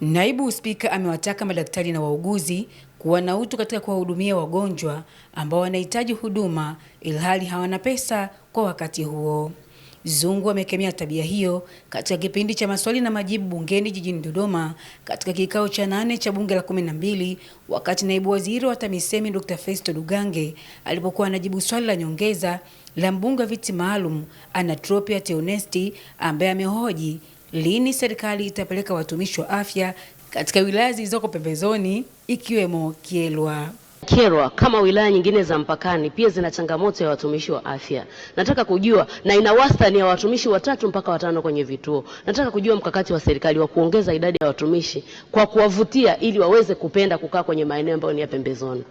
Naibu Spika amewataka madaktari na wauguzi kuwa na utu katika kuwahudumia wagonjwa ambao wanahitaji huduma ilhali hawana pesa kwa wakati huo. Zungu amekemea tabia hiyo katika kipindi cha maswali na majibu bungeni jijini Dodoma katika kikao cha nane cha bunge la kumi na mbili wakati naibu waziri wa TAMISEMI Dr. Festo Dugange alipokuwa anajibu swali la nyongeza la mbunge wa viti maalum Anatropia Theonesti ambaye amehoji lini serikali itapeleka watumishi wa afya katika wilaya zilizoko pembezoni ikiwemo Kyerwa. Kyerwa kama wilaya nyingine za mpakani pia zina changamoto ya watumishi wa afya. Nataka kujua na ina wastani ya watumishi watatu mpaka watano kwenye vituo. Nataka kujua mkakati wa serikali wa kuongeza idadi ya watumishi kwa kuwavutia ili waweze kupenda kukaa kwenye maeneo ambayo ni ya pembezoni.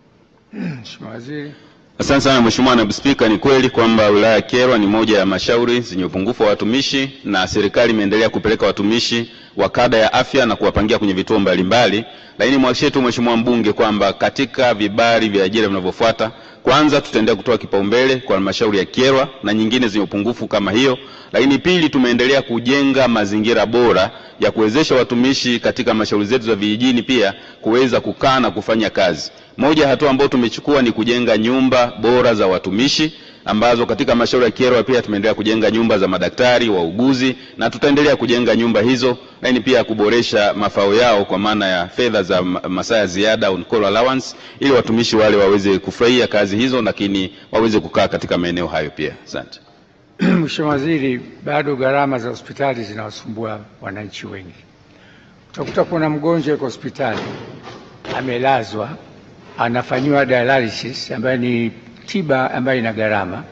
Mheshimiwa Waziri. Asante sana Mheshimiwa Naibu Spika, ni kweli kwamba wilaya ya Kyerwa ni moja ya mashauri zenye upungufu wa watumishi na serikali imeendelea kupeleka watumishi wa kada ya afya na kuwapangia kwenye vituo mbalimbali, lakini mwakishie tu Mheshimiwa mbunge kwamba katika vibali vya ajira vinavyofuata, kwanza tutaendelea kutoa kipaumbele kwa halmashauri ya Kyerwa na nyingine zenye upungufu kama hiyo, lakini pili, tumeendelea kujenga mazingira bora ya kuwezesha watumishi katika halmashauri zetu za vijijini pia kuweza kukaa na kufanya kazi. Moja hatua ambayo tumechukua ni kujenga nyumba bora za watumishi ambazo katika halmashauri ya Kyerwa pia tumeendelea kujenga nyumba za madaktari, wauguzi na tutaendelea kujenga nyumba hizo, lakini pia kuboresha mafao yao kwa maana ya fedha za masaa ya ziada on call allowance, ili watumishi wale waweze kufurahia kazi hizo, lakini waweze kukaa katika maeneo hayo pia. Asante Mheshimiwa Waziri, bado gharama za hospitali zinawasumbua wananchi wengi. Utakuta kuna mgonjwa kwa hospitali amelazwa anafanyiwa dialysis ambayo ni tiba ambayo ina gharama,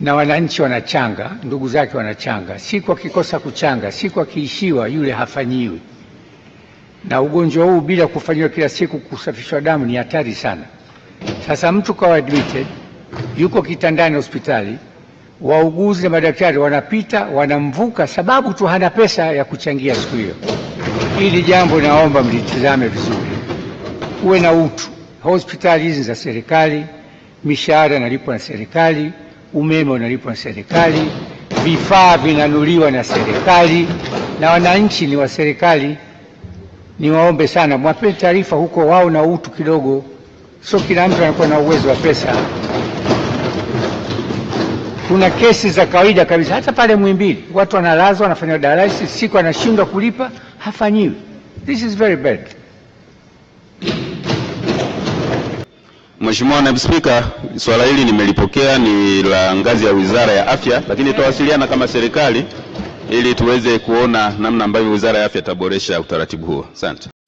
na wananchi wanachanga, ndugu zake wanachanga. Siku akikosa kuchanga, siku akiishiwa, yule hafanyiwi. Na ugonjwa huu bila kufanyiwa kila siku kusafishwa damu ni hatari sana. Sasa mtu kawa admitted, yuko kitandani hospitali, wauguzi na madaktari wanapita wanamvuka, sababu tu hana pesa ya kuchangia siku hiyo. Hili jambo naomba mlitizame vizuri uwe na utu. Hospitali hizi za serikali, mishahara inalipwa na serikali, umeme unalipwa na serikali, vifaa vinanuliwa na serikali, na wananchi ni wa serikali. Niwaombe sana mwape taarifa huko, wao na utu kidogo, sio kila mtu anakuwa na uwezo wa pesa. Kuna kesi za kawaida kabisa, hata pale Muhimbili watu wanalazwa, wanafanywa dialysis, siku anashindwa kulipa, hafanyiwi. This is very bad. Mheshimiwa Naibu Spika, swala hili nimelipokea, ni la ngazi ya Wizara ya Afya, lakini tutawasiliana kama serikali ili tuweze kuona namna ambavyo Wizara ya Afya itaboresha utaratibu huo. Asante.